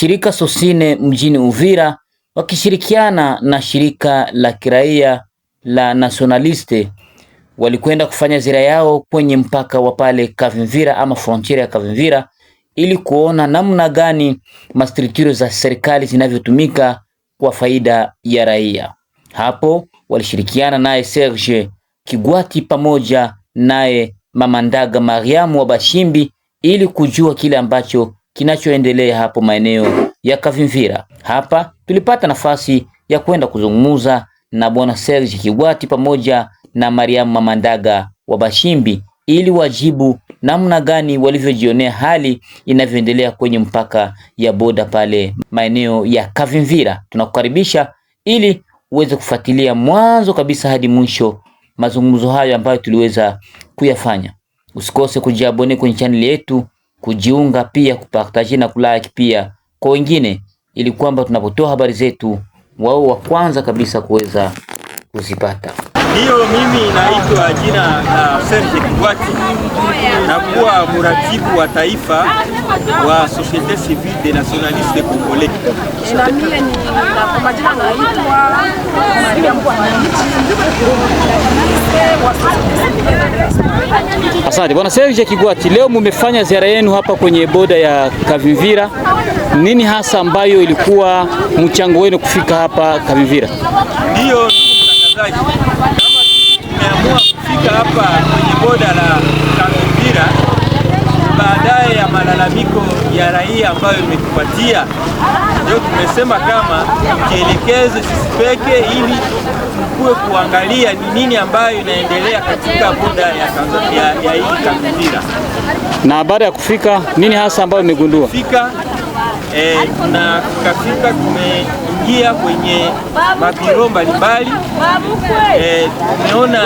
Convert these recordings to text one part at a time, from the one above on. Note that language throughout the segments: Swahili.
Shirika Sosine mjini Uvira wakishirikiana na shirika la kiraia la Nationaliste walikwenda kufanya ziara yao kwenye mpaka wa pale Kavimvira ama frontiere ya Kavimvira ili kuona namna gani mastrukturo za serikali zinavyotumika kwa faida ya raia. Hapo walishirikiana naye Serge Kigwati pamoja naye mamandaga Mariamu wa Bashimbi ili kujua kile ambacho kinachoendelea hapo maeneo ya Kavimvira. Hapa tulipata nafasi ya kwenda kuzungumza na bwana Serge Kigwati pamoja na Mariamu Mamandaga wa Bashimbi ili wajibu namna gani walivyojionea hali inavyoendelea kwenye mpaka ya boda pale maeneo ya Kavimvira. Tunakukaribisha ili uweze kufuatilia mwanzo kabisa hadi mwisho mazungumzo hayo ambayo tuliweza kuyafanya. Usikose kujiabone kwenye chaneli yetu kujiunga pia kupartaje na kulike pia kwa wengine, ili kwamba tunapotoa habari zetu wao wa kwanza kabisa kuweza kuzipata. Ndiyo, mimi naitwa jina la ah, Serge Kikwati na kuwa muratibu wa taifa wa Societe Civile des Nationalistes Congolais. Asante Bwana Serge Kikwati, leo mumefanya ziara yenu hapa kwenye boda ya Kavimvira. Nini hasa ambayo ilikuwa mchango wenu kufika hapa Kavimvira? Ndio, ndugu mtangazaji, kama tumeamua Tulifika hapa kwenye boda la Kamvira baadaye ya malalamiko ya raia ambayo imetupatia. Ndio tumesema kama kielekezo peke, ili tukue kuangalia ni nini ambayo inaendelea katika boda ya hii Kambivira. Na baada ya kufika, nini hasa ambayo imegundua fika E, na tukafika tumeingia kwenye mabiro mbalimbali e, eh, tumeona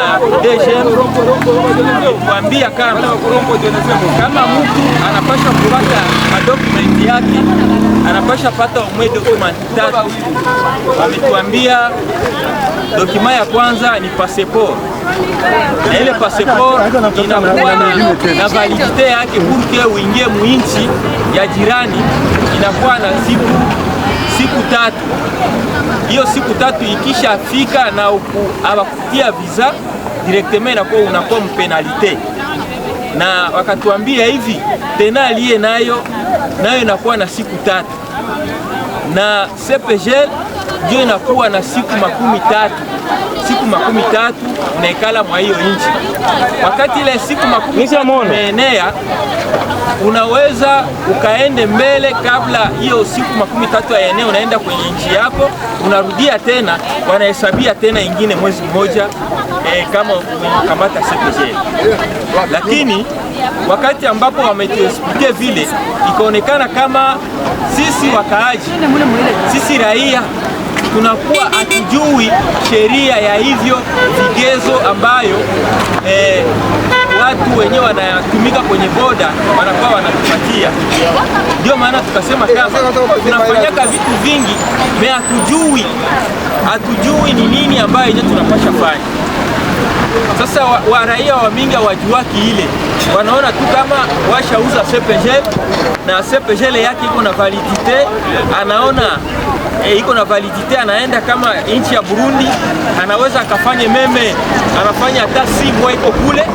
kuambia kama kama mtu anapasha kupata madokumenti yake anapasha pata umwe dokumenti tatu. Wametuambia dokima ya kwanza ni passport, na ile passport inakuwa na validite yake purke uingie muinchi ya jirani inakuwa na siku siku tatu. Hiyo siku tatu ikishafika na awakutia visa directement, inakuwa unakuwa mpenalite, na wakatuambia hivi tena aliye nayo nayo inakuwa na siku tatu na CPGL ndio inakuwa na siku makumi tatu siku makumi tatu unaikala mwa hiyo nchi. Wakati ile siku makumi tatu imeenea, unaweza ukaende mbele kabla hiyo siku makumi tatu ya eneo, unaenda kwenye nchi yako, unarudia tena, wanahesabia tena ingine mwezi mmoja eh, kama umekamata siku zile. Lakini wakati ambapo wametuesplike vile, ikaonekana kama sisi wakaaji, sisi raia tunakuwa hatujui sheria ya hivyo vigezo ambayo eh, watu wenyewe wanatumika kwenye boda wanakuwa wanatupatia. Ndio maana tukasema kama tunafanyaka vitu vingi me hatujui hatujui ni nini ambayo yenyewe tunapasha fanya. Sasa wa, wa raia wa mingi hawajuaki ile, wanaona tu kama washauza CPG na CPG yake iko na validite, anaona e, iko na validité anaenda kama nchi ya Burundi, anaweza akafanye meme, anafanya hata simu iko kule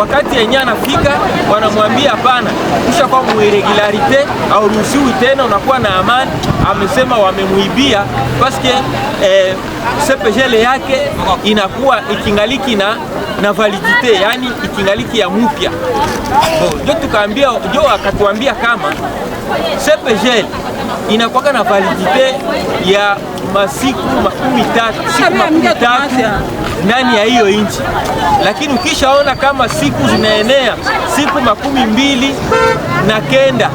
wakati yenye anafika wanamwambia hapana, kisha kwa muiregularite ruhusiwi tena, unakuwa na amani. Amesema wamemuibia paske eh, sepejele yake inakuwa ikingaliki na, na validite yani ikingaliki ya mupya Ndio tukaambia ndio akatuambia kama sepejele inakuwa na validite ya masiku makumi tatu siku makumi tatu ndani ya hiyo nchi, lakini ukishaona kama siku zinaenea siku makumi mbili na kenda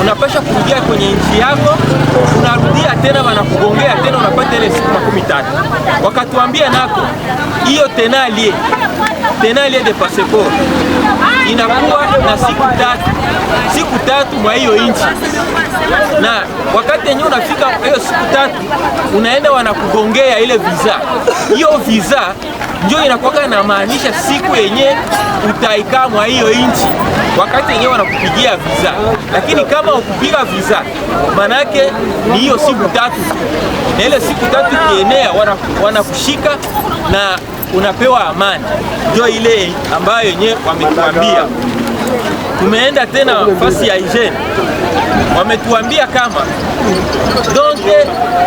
unapasha kurudia kwenye nchi yako, unarudia tena, wanakugongea tena, unapata ile siku makumi tatu wakatuambia nako hiyo tenalie tenalie de passeport inakuwa na siku tatu, siku tatu mwa hiyo nchi, na wakati yenyewe unafika hiyo siku tatu, unaenda wanakugongea ile visa. Hiyo visa ndio inakuwa na maanisha siku yenye utaikaa mwa hiyo nchi, wakati yenyewe wanakupigia visa. Lakini kama ukupiga visa, manake ni hiyo siku tatu, na ile siku tatu kienea wanakushika wana na unapewa amani, ndio ile ambayo yenyewe wametuambia. Tumeenda tena fasi ya hygiene, wametuambia kama donc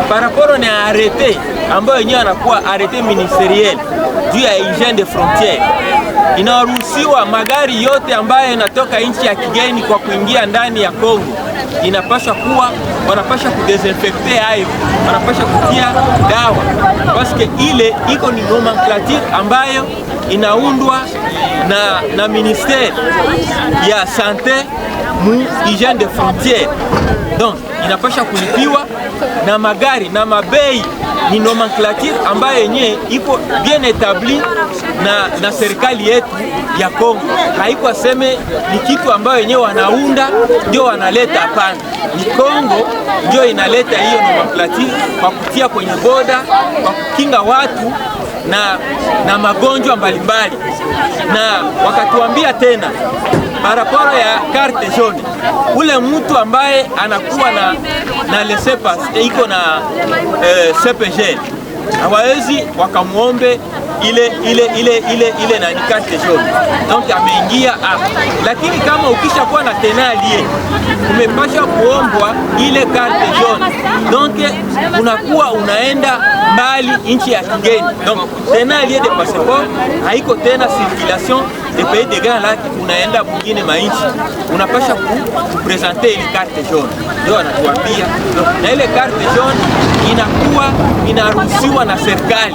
paraporo ni arete ambayo yenyewe anakuwa arete ministeriel juu ya hygiene de frontiere inaruhusiwa magari yote ambayo yanatoka nchi ya kigeni kwa kuingia ndani ya Kongo inapasha kuwa wanapasha kudesinfecte hayo, wanapasha kutia dawa paske ile iko ni nomenclature ambayo inaundwa na, na ministeri ya sante muhygiene de frontiere, donc inapasha kulipiwa na magari na mabei. Ni nomenclature ambayo yenyewe iko bien etabli na, na serikali yetu ya Kongo haiko aseme ni kitu ambayo yenyewe wanaunda ndio wanaleta. Hapana, ni Kongo ndio inaleta hiyo nomenclature kwa kutia kwenye boda kwa kukinga watu na, na magonjwa mbalimbali, na wakatuambia tena paraporo ya carte jaune, ule mtu ambaye anakuwa na, na lesepa eh, iko na eh, CPG hawawezi wakamwombe ile ile ile ile ile na carte jaune, donc ameingia hapa. Lakini kama ukishakuwa na tenalie, umepasha kuombwa ile carte jaune, donc unakuwa unaenda mbali nchi ya kigeni, donc tenalie de passeport haiko tena circulation de grand lake unaenda mwingine mainchi, unapasha kupresente ile carte jaune, ndio wanatuambia. Na ile carte jaune inakuwa inaruhusiwa na serikali,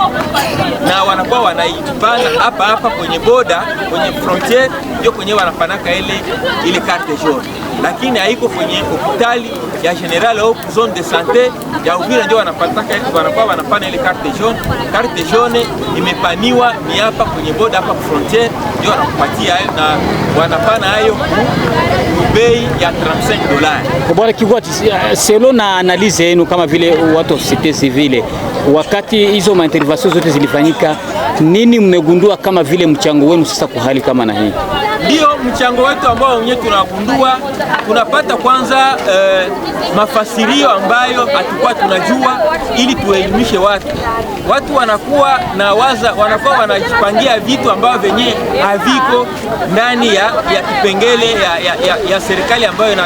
na wanakuwa wanaipana hapa hapa kwenye boda, kwenye frontiere, ndio kwenye wanapanaka ile ile carte jaune lakini haiko kwenye hospitali ya general au zone de santé ya Uvira, ndio wanapataka wanakuwa wanapana ile carte jaune. Carte jaune imepaniwa ni hapa kwenye boda hapa frontier, ndio wanakupatia hayo na wanapana hayo bei ya 35 dola. Bwana Kigwati, selo eh, na analize yenu kama vile watu wa societe civile, wakati hizo maintervention zote zilifanyika, nini mmegundua kama vile mchango wenu sasa kuhali kama na hii? ndio mchango wetu ambao wenyewe tunagundua, tunapata kwanza eh, mafasirio ambayo hatukuwa tunajua, ili tuelimishe watu. Watu wanakuwa na waza, wanakuwa wanajipangia vitu ambavyo vyenye haviko ndani ya, ya kipengele ya, ya, ya, ya serikali ambayo ina,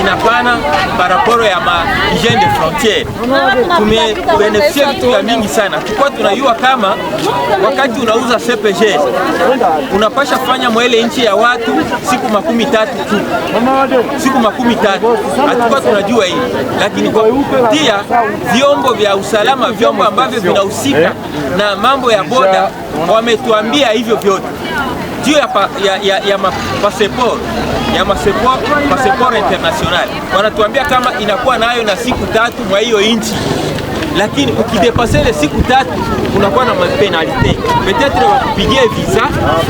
inapana paraporo ya ma hygiene de frontiere. Tumebenefisia vitu vya mingi sana, tukuwa tunajua kama wakati unauza CPG unapasha fanya mwele nchi ya watu siku makumi tatu tu, siku makumi tatu hatukuwa tunajua hii, lakini kwa kupitia vyombo vya usalama, vyombo ambavyo vinahusika na mambo ya boda, wametuambia hivyo vyote juu ya, pa, ya, ya, ya paseport ya international, wanatuambia kama inakuwa nayo na siku tatu mwa hiyo inchi lakini ukidepase ile siku tatu unakuwa na mapenalite petetre wakupigie visa,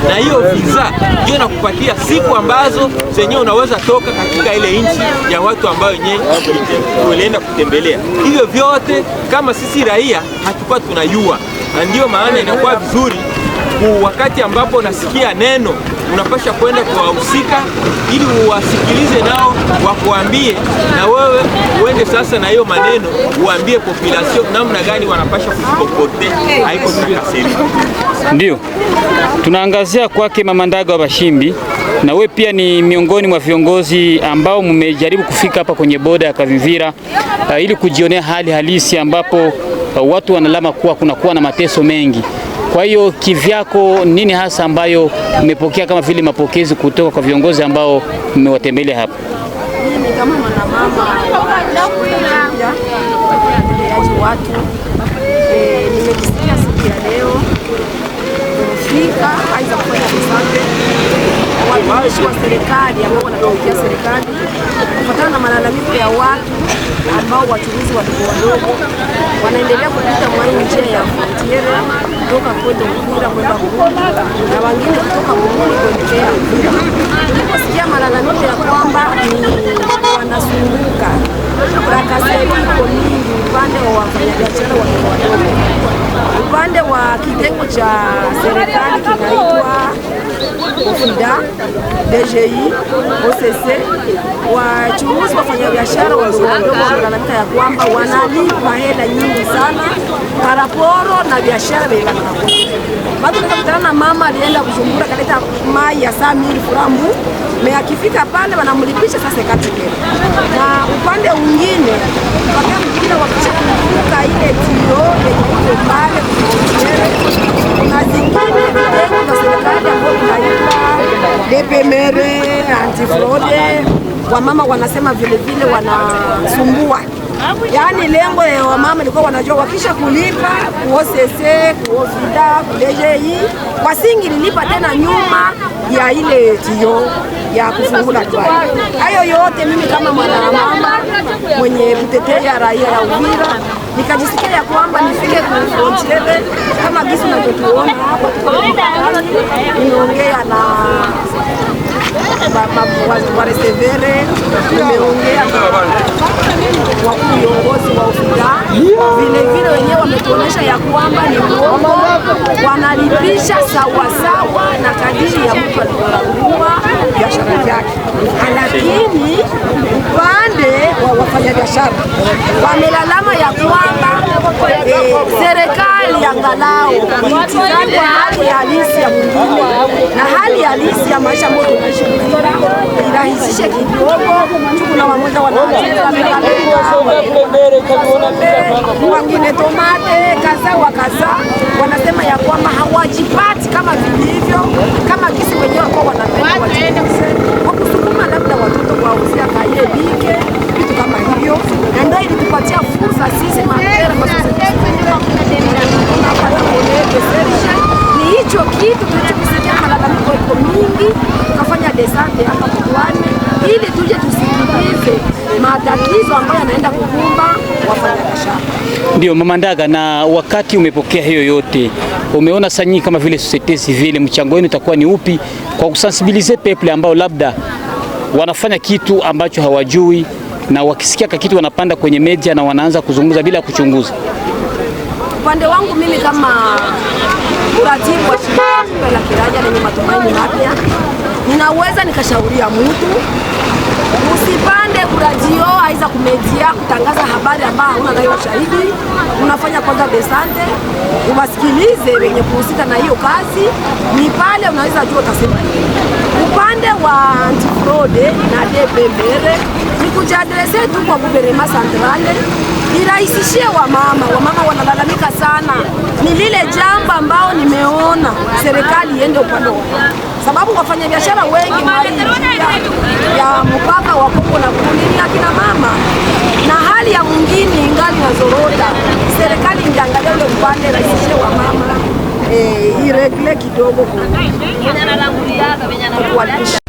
na hiyo visa ndio nakupatia siku ambazo zenye unaweza toka katika ile nchi ya watu ambayo wenyewe ulienda kutembelea. Hivyo vyote kama sisi raia hatukuwa tunayua, na ndiyo maana inakuwa vizuri wakati ambapo unasikia neno unapasha kwenda kuwahusika ili uwasikilize nao wakuambie na wewe uende sasa na hiyo maneno uambie population namna gani wanapasha kuikopote haiko takasema. Ndio tunaangazia kwake Mama Ndaga wa Bashimbi, na we pia ni miongoni mwa viongozi ambao mmejaribu kufika hapa kwenye boda ya Kavimvira uh, ili kujionea hali halisi ambapo uh, watu wanalama kuwa kunakuwa na mateso mengi. Kwa hiyo kivyako, nini hasa ambayo mmepokea kama vile mapokezi kutoka kwa viongozi ambao mmewatembelea hapa? aji watu nimejisikia eh, siku ya leo kufika aiza kufanya usafi watumishi wa serikali ambao wanatumikia serikali kufuatana na malalamiko ya watu ambao wachuuzi wadogo wadogo wanaendelea kupita mwani njia ya frontiere kutoka kwenda Uvira kwenda Burundi na wengine kutoka Burundi kuelekea Uvira. Tuliposikia malalamiko ya kwamba ni wanasumbuka rakaziliko mingi upande wa wafanyabiashara wadogo wadogo, upande wa kitengo cha serikali kinaitwa OFIDA, DGI, OCC, wachuuzi, wafanyabiashara wadogo wadogo wamelalamika ya kwamba wanalipa hela nyingi sana paraporo na biashara veilakao batu kakutana na mama alienda kuzumbura kaleta mai ya saa mili furamu me akifika pale wanamlipisha sasa katikela, na upande mwingine wakamjina wakisha kuvuka ile tio yenye pale kuna zingine zote. Wamama wanasema vilevile wanasumbua, yaani lengo ya wamama ilikuwa wanajua wakisha kulipa kuosese kuovida kulejei wasingi lilipa tena nyuma ya ile tio ya kufungula kwai. Hayo yote mimi kama mwanamama mwenye kutetea raia ya Uvira nikajisikia ya kwamba nifike kuonchele kama gisi navyotuona hapa, nimeongea na waresevere umeongea wa viongozi wa ufuta vilevile, wenyewe wametuonyesha ya kwamba ni uongo, wanalipisha sawasawa na kadiri ya mtu alivyoamua biashara yake, lakini upande wa wafanyabiashara wamelalama ya kwamba serikali angalau itizame hali halisi ya mwingine na hali halisi ya maisha ambayo tunaishi irahisishe kidogo. Kuna wamoja wengine tomate kaza wa kaza wanasema ya kwamba hawajipati kama vilivyo kama kisi wenyewe Ndiyo Mama Ndaga, na wakati umepokea hiyo yote, umeona sanyi kama vile societe civile, mchango wenu utakuwa ni upi kwa kusensibilize people ambao labda wanafanya kitu ambacho hawajui na wakisikia kitu wanapanda kwenye media na wanaanza kuzungumza bila kuchunguza? Upande wangu mimi kama mratibu wa shirika la Kiraja lenye matumaini mapya, ninaweza nikashauria mtu usipande kuradio aiza kumedia unaongea kutangaza habari ambayo hauna nayo ushahidi, unafanya kwanza besante, uwasikilize wenye kuhusika na hiyo kazi, ni pale unaweza jua utasema upande wa antifraude na debembere ni kujiadrese tu kwa guverema santrale irahisishie wamama. Wamama wanalalamika sana, ni lile jambo ambao nimeona serikali iende upande wa sababu wafanyabiashara wengi mali ya mpaka wa wako na Buni ni akina mama, na hali ya mwingine ingali zorota. Serikali ingeangalia ule upande rahisishe wa mama eh, iregle kidogo kuwalipisha